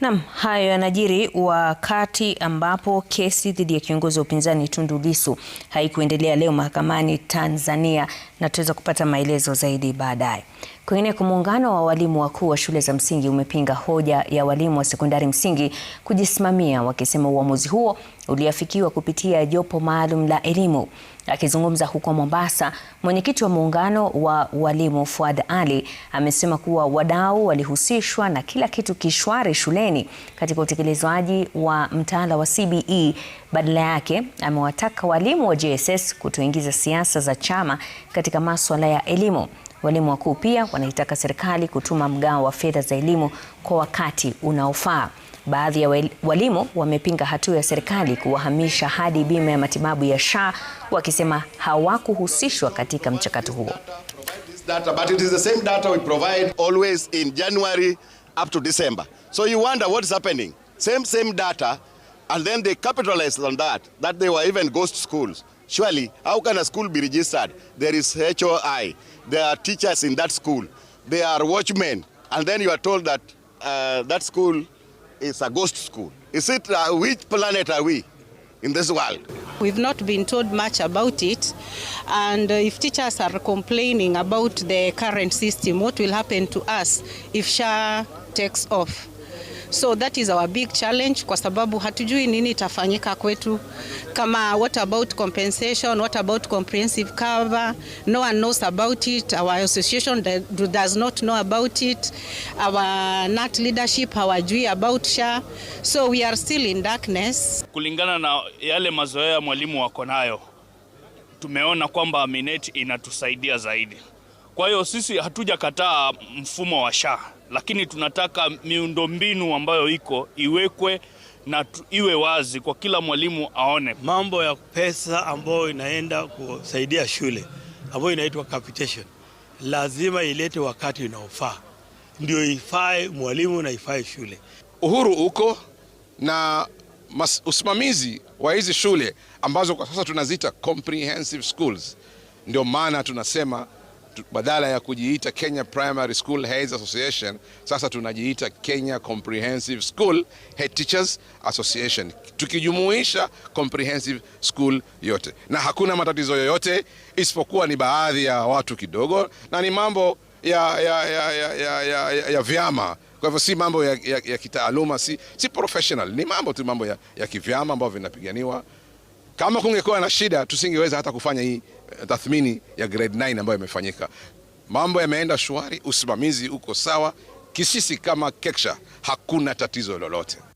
nam hayo yanajiri wakati ambapo kesi dhidi ya kiongozi wa upinzani Tundu Lissu haikuendelea leo mahakamani Tanzania na tuweza kupata maelezo zaidi baadaye. Kwingineko, muungano wa walimu wakuu wa shule za msingi umepinga hoja ya walimu wa sekondari msingi kujisimamia, wakisema uamuzi huo uliafikiwa kupitia jopo maalum la elimu. Akizungumza huko Mombasa, mwenyekiti wa muungano wa walimu Fuad Ali amesema kuwa wadau walihusishwa na kila kitu kishwari shule shuleni katika utekelezwaji wa mtaala wa CBE. Badala yake amewataka walimu wa JSS kutoingiza siasa za chama katika masuala ya elimu. Walimu wakuu pia wanaitaka serikali kutuma mgao wa fedha za elimu kwa wakati unaofaa. Baadhi ya walimu wamepinga hatua ya serikali kuwahamisha hadi bima ya matibabu ya SHA wakisema hawakuhusishwa katika mchakato huo. up to December. So you wonder what's happening. Same, same data, and then they capitalized on that, that they were even ghost schools. Surely, how can a school be registered? There is HOI, there are teachers in that school, there are watchmen, and then you are told that uh, that school is a ghost school. Is it, uh, which planet are we in this world? We've not been told much about it. And uh, if teachers are complaining about the current system, what will happen to us if SHA takes off? So that is our big challenge kwa sababu hatujui nini itafanyika kwetu kama what about compensation, what about comprehensive cover? No one knows about it. Our association does not know about it. Our NAT leadership hawajui about SHA. So we are still in darkness kulingana na yale mazoea mwalimu wako nayo, tumeona kwamba Minet inatusaidia zaidi. Kwa hiyo sisi hatujakataa mfumo wa SHA, lakini tunataka miundombinu ambayo iko iwekwe na tu, iwe wazi kwa kila mwalimu aone mambo ya pesa ambayo inaenda kusaidia shule ambayo inaitwa capitation, lazima ilete wakati unaofaa ndio ifae mwalimu na ifae shule. Uhuru uko na mas, usimamizi wa hizi shule ambazo kwa sasa tunaziita comprehensive schools. Ndio maana tunasema badala ya kujiita Kenya Primary School Heads Association sasa tunajiita Kenya Comprehensive School Head Teachers Association, tukijumuisha comprehensive school yote, na hakuna matatizo yoyote isipokuwa ni baadhi ya watu kidogo, na ni mambo ya, ya, ya, ya, ya, ya, ya, ya vyama. Kwa hivyo si mambo ya, ya, ya kitaaluma, si, si professional, ni mambo tu mambo ya, ya kivyama ambayo vinapiganiwa. Kama kungekuwa na shida, tusingeweza hata kufanya hii eh, tathmini ya grade 9 ambayo imefanyika. Mambo yameenda shwari, usimamizi uko sawa, kisisi kama keksha hakuna tatizo lolote.